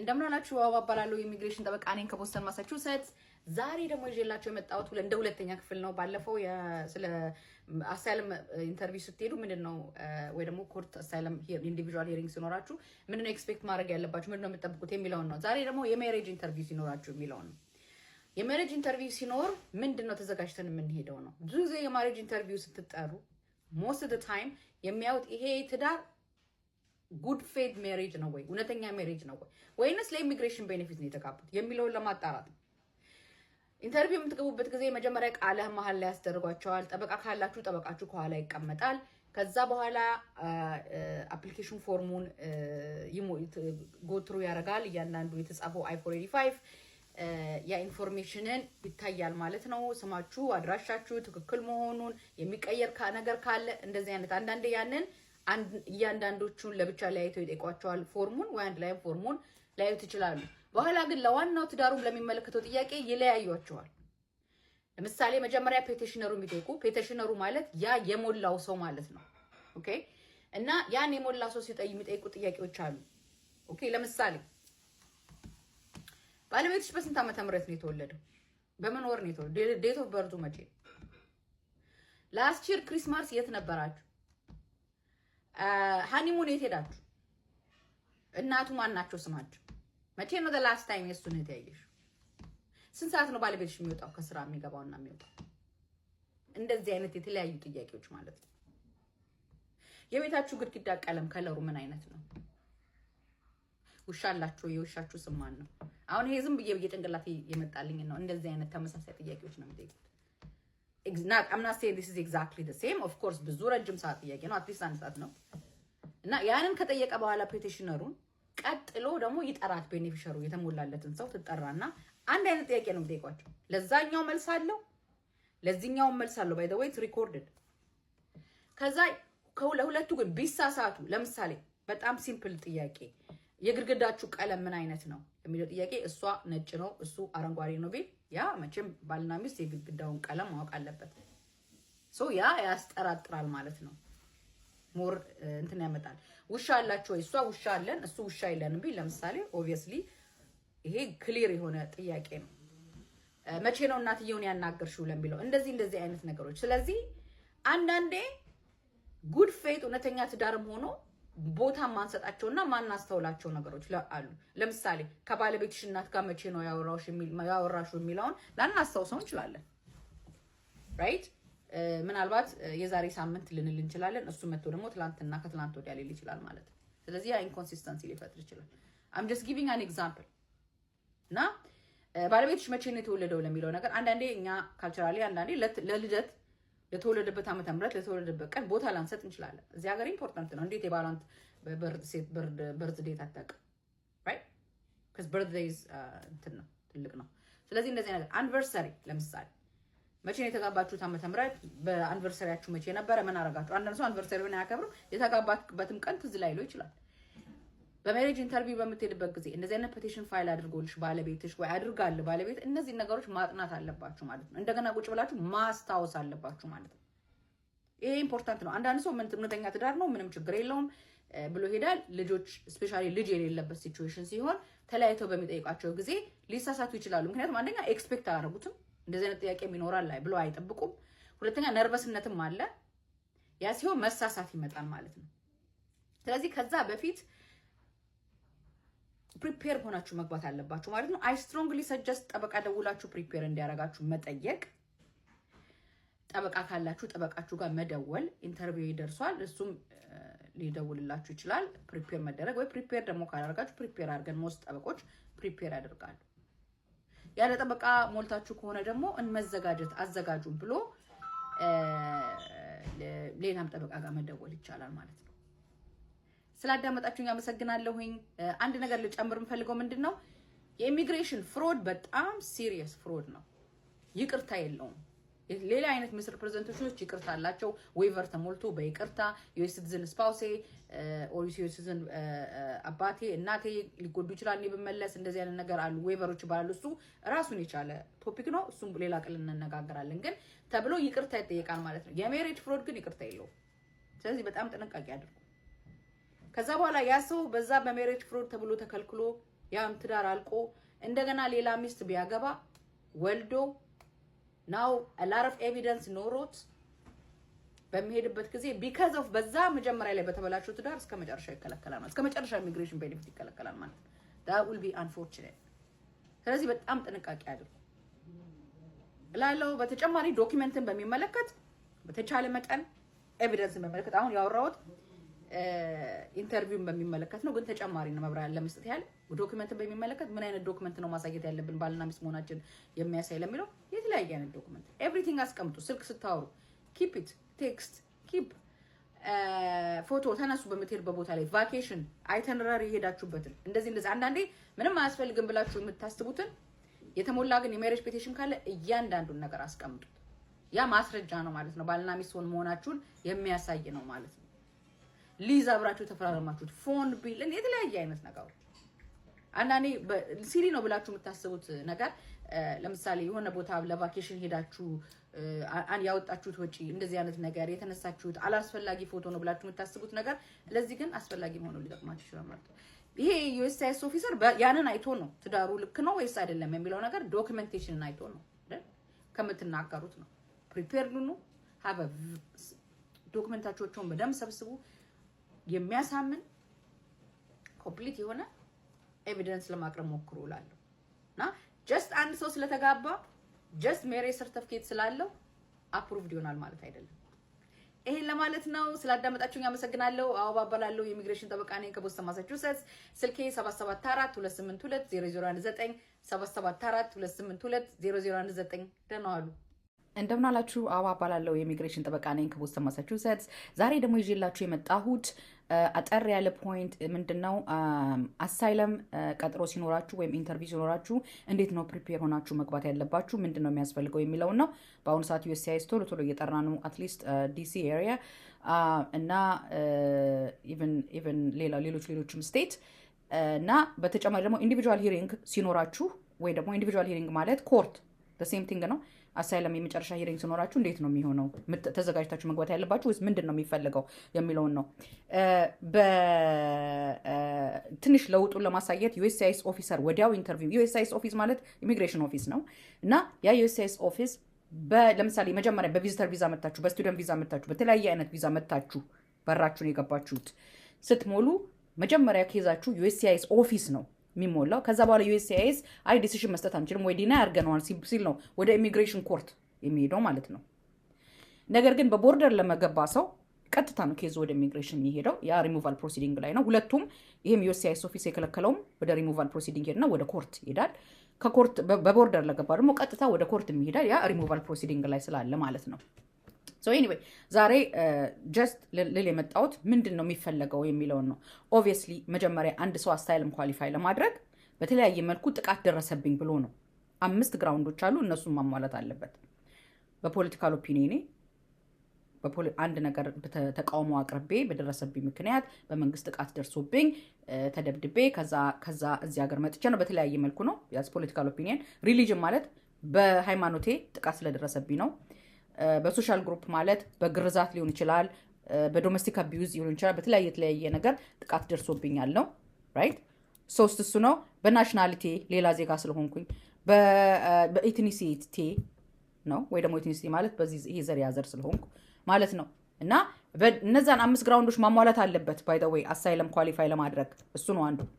እንደምን አላችሁ? አበባ የኢሚግሬሽን ጠበቃ ነኝ ከቦስተን ማሳቹሴትስ። ዛሬ ደግሞ ይዤላችሁ የመጣሁት እንደ ሁለተኛ ክፍል ነው። ባለፈው ስለ አሳይለም ኢንተርቪው ስትሄዱ ምንድን ነው ወይ ደግሞ ኮርት አሳይለም ኢንዲቪዥዋል ሂሪንግ ሲኖራችሁ ምንድን ነው ኤክስፔክት ማድረግ ያለባችሁ፣ ምንድን ነው የምጠብቁት የሚለውን ነው። ዛሬ ደግሞ የሜሬጅ ኢንተርቪው ሲኖራችሁ የሚለውን ነው። የሜሬጅ ኢንተርቪው ሲኖር ምንድን ነው ተዘጋጅተን የምንሄደው ነው። ብዙ ጊዜ የማሬጅ ኢንተርቪው ስትጠሩ ሞስት ታይም የሚያዩት ይሄ ትዳር ጉድ ፌድ ሜሬጅ ነው ወይ እውነተኛ ሜሬጅ ነው ወይ ወይንስ ለኢሚግሬሽን ቤኔፊት ነው የተጋቡት የሚለውን ለማጣራት ነው። ኢንተርቪው የምትገቡበት ጊዜ መጀመሪያ ቃለ መሀል ላይ ያስደርጓቸዋል። ጠበቃ ካላችሁ ጠበቃችሁ ከኋላ ይቀመጣል። ከዛ በኋላ አፕሊኬሽን ፎርሙን ጎትሩ ያደርጋል። እያንዳንዱ የተጻፈው አይ ፎር ኤይት ፋይቭ ያ ኢንፎርሜሽንን ይታያል ማለት ነው። ስማችሁ፣ አድራሻችሁ ትክክል መሆኑን የሚቀየር ነገር ካለ እንደዚህ አይነት አንዳንዴ ያንን እያንዳንዶቹን ለብቻ ለያይተው ይጠይቋቸዋል። ፎርሙን ወይ አንድ ላይም ፎርሙን ላያዩት ይችላሉ። በኋላ ግን ለዋናው ትዳሩም ለሚመለከተው ጥያቄ ይለያዩቸዋል። ለምሳሌ መጀመሪያ ፔቴሽነሩ የሚጠይቁ ፔቴሽነሩ ማለት ያ የሞላው ሰው ማለት ነው። ኦኬ እና ያን የሞላ ሰው ሲጠይ የሚጠይቁ ጥያቄዎች አሉ። ኦኬ ለምሳሌ ባለቤትሽ በስንት ዓመተ ምህረት ነው የተወለደው? በምን ወር ነው የተወለደው? ዴት ኦፍ በርዙ መቼ? ላስት ይር ክሪስማስ የት ነበራችሁ? ሃኒሙን የት ሄዳችሁ? እናቱ ማናቸው ስማቸው? መቼ ነው ላስት ታይም የእሱን እህት ያየሽ? ስንት ሰዓት ነው ባለቤትሽ የሚወጣው ከስራ የሚገባውና የሚወጣው? እንደዚህ አይነት የተለያዩ ጥያቄዎች ማለት ነው። የቤታችሁ ግድግዳ ቀለም ከለሩ ምን አይነት ነው? ውሻ አላችሁ? የውሻችሁ ስም ማን ነው? አሁን ይሄ ዝም ብዬ ብዬ ጭንቅላት የመጣልኝ ነው። እንደዚህ አይነት ተመሳሳይ ጥያቄዎች ነው የሚጠይቁት። not I'm not saying this is exactly the same of course ብዙ ረጅም ሰዓት ጥያቄ ነው at least አንድ ሰዓት ነው እና ያንን ከጠየቀ በኋላ ፔቲሽነሩን ቀጥሎ ደግሞ ይጠራት ቤኔፊሸሩ የተሞላለትን ሰው ትጠራና አንድ አይነት ጥያቄ ነው የምጠይቋቸው ለዛኛው መልስ አለው ለዚህኛው መልስ አለው ባይ ዘ ወይ ሪኮርድድ ከዛ ለሁለቱ ግን ቢሳሳቱ ለምሳሌ በጣም ሲምፕል ጥያቄ የግድግዳችሁ ቀለም ምን አይነት ነው የሚለው ጥያቄ፣ እሷ ነጭ ነው እሱ አረንጓዴ ነው ቤት ያ መቼም ባልና ሚስት የግድግዳውን ቀለም ማወቅ አለበት። ሶ ያ ያስጠራጥራል ማለት ነው። ሞር እንትን ያመጣል። ውሻ አላችሁ ወይ? እሷ ውሻ አለን እሱ ውሻ የለን ቢል ለምሳሌ ኦብቪየስሊ ይሄ ክሊር የሆነ ጥያቄ ነው። መቼ ነው እናትየውን ያናገርሽው ለሚለው እንደዚህ እንደዚህ አይነት ነገሮች። ስለዚህ አንዳንዴ ጉድ ፌት እውነተኛ ትዳርም ሆኖ ቦታ ማንሰጣቸውና ማናስተውላቸው ነገሮች አሉ። ለምሳሌ ከባለቤትሽ እናት ጋር መቼ ነው ያወራሹ የሚለውን ላናስታውሰው እንችላለን። ራይት ምናልባት የዛሬ ሳምንት ልንል እንችላለን። እሱ መጥቶ ደግሞ ትላንትና ከትላንት ወዲያ ሊል ይችላል ማለት ነው። ስለዚህ ኢንኮንሲስተንሲ ሊፈጥር ይችላል። አም ጀስት ጊቪንግ አን ኤግዛምፕል እና ባለቤትሽ መቼ ነው የተወለደው ለሚለው ነገር አንዳንዴ እኛ ካልቸራሊ አንዳንዴ ለልደት ለተወለደበት ዓመተ ምህረት ለተወለደበት ቀን ቦታ ላንሰጥ እንችላለን። እዚህ ሀገር ኢምፖርታንት ነው። እንዴት የባሏን በርዝ ዴት አታውቅም? በርዝ uh, እንትን ነው ትልቅ ነው። ስለዚህ እንደዚህ ነገር አንቨርሰሪ፣ ለምሳሌ መቼ ነው የተጋባችሁት ዓመተ ምህረት በአንቨርሰሪያችሁ መቼ ነበረ? ምን አረጋችሁ? አንዳንድ ሰው አንቨርሰሪውን አያከብርም። የተጋባበትም ቀን ትዝ ላይለው ይችላል። በሜሬጅ ኢንተርቪው በምትሄድበት ጊዜ እንደዚህ አይነት ፔቲሽን ፋይል አድርጎልሽ ባለቤትሽ ወይ አድርጋል ባለቤት፣ እነዚህ ነገሮች ማጥናት አለባችሁ ማለት ነው። እንደገና ቁጭ ብላችሁ ማስታወስ አለባችሁ ማለት ነው። ይሄ ኢምፖርታንት ነው። አንዳንድ ሰው እውነተኛ ትዳር ነው ምንም ችግር የለውም ብሎ ሄዳል። ልጆች ስፔሻሊ ልጅ የሌለበት ሲቹዌሽን ሲሆን ተለያይተው በሚጠይቃቸው ጊዜ ሊሳሳቱ ይችላሉ። ምክንያቱም አንደኛ ኤክስፔክት አያደርጉትም እንደዚህ አይነት ጥያቄ ይኖራል ላይ ብሎ አይጠብቁም። ሁለተኛ ነርቨስነትም አለ። ያ ሲሆን መሳሳት ይመጣል ማለት ነው። ስለዚህ ከዛ በፊት ፕሪፔር ሆናችሁ መግባት አለባችሁ ማለት ነው። አይ ስትሮንግሊ ሰጀስት ጠበቃ ደውላችሁ ፕሪፔር እንዲያደርጋችሁ መጠየቅ፣ ጠበቃ ካላችሁ ጠበቃችሁ ጋር መደወል። ኢንተርቪው ይደርሷል፣ እሱም ሊደውልላችሁ ይችላል። ፕሪፔር መደረግ ወይ ፕሪፔር ደግሞ ካላረጋችሁ ፕሪፔር አድርገን ሞስት ጠበቆች ፕሪፔር ያደርጋሉ። ያለ ጠበቃ ሞልታችሁ ከሆነ ደግሞ እንመዘጋጀት አዘጋጁም ብሎ ሌላም ጠበቃ ጋር መደወል ይቻላል ማለት ነው። ስላዳመጣችሁኝ አመሰግናለሁኝ። አንድ ነገር ልጨምር የምፈልገው ምንድን ነው የኢሚግሬሽን ፍሮድ በጣም ሲሪየስ ፍሮድ ነው። ይቅርታ የለውም። ሌላ አይነት ምስር ፕሬዘንቴሽኖች ይቅርታ አላቸው። ዌይቨር ተሞልቶ በይቅርታ ዩኤስ ሲቲዝን ስፓውሴ ኦር ዩኤስ ሲቲዝን አባቴ እናቴ ሊጎዱ ይችላል እኔ ብመለስ እንደዚህ አይነት ነገር አሉ፣ ዌቨሮች ይባላሉ። እሱ ራሱን የቻለ ቶፒክ ነው። እሱም ሌላ ቅል እንነጋገራለን። ግን ተብሎ ይቅርታ ይጠየቃል ማለት ነው። የሜሬጅ ፍሮድ ግን ይቅርታ የለውም። ስለዚህ በጣም ጥንቃቄ አድርጉ። ከዛ በኋላ ያ ሰው በዛ በሜሬጅ ፍሮድ ተብሎ ተከልክሎ ያም ትዳር አልቆ እንደገና ሌላ ሚስት ቢያገባ ወልዶ ናው አላር ኦፍ ኤቪደንስ ኖሮት በሚሄድበት ጊዜ ቢካዝ ኦፍ በዛ መጀመሪያ ላይ በተበላሸው ትዳር እስከ መጨረሻ ይከለከላል ማለት እስከ መጨረሻ ኢሚግሬሽን ቤኒፊት ይከለከላል ማለት ዳት ዊል ቢ አንፎርቹኔት። ስለዚህ በጣም ጥንቃቄ አድርጉ እላለሁ። በተጨማሪ ዶኪመንትን በሚመለከት በተቻለ መጠን ኤቪደንስን በሚመለከት አሁን ያወራሁት ኢንተርቪውን በሚመለከት ነው። ግን ተጨማሪ ነው መብራሪያ ለመስጠት ያህል ዶክመንትን በሚመለከት ምን አይነት ዶክመንት ነው ማሳየት ያለብን ባልና ሚስት መሆናችን የሚያሳይ ለሚለው የተለያየ አይነት ዶክመንት ኤቭሪቲንግ አስቀምጡ። ስልክ ስታወሩ ኪፕ ኢት ቴክስት ኪፕ ፎቶ ተነሱ። በምትሄድበት ቦታ ላይ ቫኬሽን አይተንራሪ የሄዳችሁበትን እንደዚህ እንደዚህ አንዳንዴ ምንም አያስፈልግም ብላችሁ የምታስቡትን የተሞላ ግን የሜሬጅ ፔቴሽን ካለ እያንዳንዱን ነገር አስቀምጡት። ያ ማስረጃ ነው ማለት ነው። ባልና ሚስት መሆናችሁን የሚያሳይ ነው ማለት ነው። ሊዝ አብራችሁ ተፈራረማችሁት ፎን ቢል፣ የተለያየ አይነት ነገሮች አንዳንዴ ሲሪ ነው ብላችሁ የምታስቡት ነገር ለምሳሌ የሆነ ቦታ ለቫኬሽን ሄዳችሁ ያወጣችሁት ወጪ እንደዚህ አይነት ነገር የተነሳችሁት አላስፈላጊ ፎቶ ነው ብላችሁ የምታስቡት ነገር ለዚህ ግን አስፈላጊ መሆኑ ሊጠቅማችሁ ይችላል ማለት ነው። ይሄ ዩኤስሲአይኤስ ኦፊሰር ያንን አይቶ ነው ትዳሩ ልክ ነው ወይስ አይደለም የሚለው ነገር ዶክመንቴሽንን አይቶ ነው ከምትናገሩት ነው። ፕሪፔርድ ሁኑ፣ ዶክመንታቸውን በደንብ ሰብስቡ። የሚያሳምን ኮምፕሊት የሆነ ኤቪደንስ ለማቅረብ ሞክሩ እላለሁ እና ጀስት አንድ ሰው ስለተጋባ ጀስት ሜሬጅ ሰርተፍኬት ስላለው አፕሩቭድ ይሆናል ማለት አይደለም። ይሄን ለማለት ነው። ስላዳመጣችሁኝ አመሰግናለሁ። አበባ እባላለሁ የኢሚግሬሽን ጠበቃ ነኝ ከቦስተን ማሳቹሴትስ። ስልኬ 7742820019 7742820019። ደህና ዋሉ። እንደምን አላችሁ? አበባ እባላለሁ የኢሚግሬሽን ጠበቃ ነኝ ከቦስተን ማሳቹሴትስ። ዛሬ ደግሞ ይዤላችሁ የመጣሁት አጠር ያለ ፖይንት ምንድን ነው አሳይለም ቀጥሮ ሲኖራችሁ ወይም ኢንተርቪው ሲኖራችሁ እንዴት ነው ፕሪፔር ሆናችሁ መግባት ያለባችሁ ምንድን ነው የሚያስፈልገው የሚለውን ነው በአሁኑ ሰዓት ዩስሲይስ ቶሎ ቶሎ እየጠራ ነው አትሊስት ዲሲ ኤሪያ እና ኢቨን ሌሎች ሌሎችም ስቴት እና በተጨማሪ ደግሞ ኢንዲቪጁዋል ሂሪንግ ሲኖራችሁ ወይ ደግሞ ኢንዲቪጁዋል ሂሪንግ ማለት ኮርት ሴም ቲንግ ነው አሳይለም የመጨረሻ ሂሪንግ ሲኖራችሁ እንዴት ነው የሚሆነው? ተዘጋጅታችሁ መግባት ያለባችሁ ወይስ ምንድን ነው የሚፈልገው የሚለውን ነው። በትንሽ ለውጡን ለማሳየት ዩኤስሲአይኤስ ኦፊሰር ወዲያው ኢንተርቪው። ዩኤስሲአይኤስ ኦፊስ ማለት ኢሚግሬሽን ኦፊስ ነው እና ያ ዩኤስሲአይኤስ ኦፊስ ለምሳሌ መጀመሪያ በቪዚተር ቪዛ መታችሁ፣ በስቱደንት ቪዛ መታችሁ፣ በተለያየ አይነት ቪዛ መታችሁ በራችሁን የገባችሁት ስትሞሉ መጀመሪያ ከይዛችሁ ዩኤስሲአይኤስ ኦፊስ ነው የሚሞላው። ከዛ በኋላ ዩኤስሲአይኤስ አይ ዲሲሽን መስጠት አንችልም ወይ ዲና ያርገነዋል ሲል ነው ወደ ኢሚግሬሽን ኮርት የሚሄደው ማለት ነው። ነገር ግን በቦርደር ለመገባ ሰው ቀጥታ ነው ኬዙ ወደ ኢሚግሬሽን የሚሄደው። ያ ሪሙቫል ፕሮሲዲንግ ላይ ነው። ሁለቱም ይህም ዩኤስሲአይኤስ ኦፊስ የከለከለውም ወደ ሪሙቫል ፕሮሲዲንግ ሄድና ወደ ኮርት ይሄዳል። ከኮርት በቦርደር ለገባ ደግሞ ቀጥታ ወደ ኮርት የሚሄዳል። ያ ሪሙቫል ፕሮሲዲንግ ላይ ስላለ ማለት ነው። ሶ ኤኒዌይ ዛሬ ጀስት ልል የመጣሁት ምንድን ነው የሚፈለገው የሚለውን ነው። ኦብቪየስሊ መጀመሪያ አንድ ሰው አስታይልም ኳሊፋይ ለማድረግ በተለያየ መልኩ ጥቃት ደረሰብኝ ብሎ ነው። አምስት ግራውንዶች አሉ፣ እነሱን ማሟላት አለበት። በፖለቲካል ኦፒኒኔ አንድ ነገር ተቃውሞ አቅርቤ በደረሰብኝ ምክንያት በመንግስት ጥቃት ደርሶብኝ ተደብድቤ ከዛ እዚህ ሀገር መጥቼ ነው። በተለያየ መልኩ ነው ያስ ፖለቲካል ኦፒኒየን። ሪሊጅን ማለት በሃይማኖቴ ጥቃት ስለደረሰብኝ ነው። በሶሻል ግሩፕ ማለት በግርዛት ሊሆን ይችላል፣ በዶሜስቲክ አቢዩዝ ሊሆን ይችላል። በተለያየ የተለያየ ነገር ጥቃት ደርሶብኛል ነው ራይት። ሶስት እሱ ነው። በናሽናሊቲ ሌላ ዜጋ ስለሆንኩኝ፣ በኢትኒሲቲ ነው ወይ ደግሞ ኢትኒሲቲ ማለት በዚህ ይሄ ዘር ያዘር ስለሆንኩ ማለት ነው። እና እነዛን አምስት ግራውንዶች ማሟላት አለበት ባይ ወይ አሳይለም ኳሊፋይ ለማድረግ እሱ ነው አንዱ።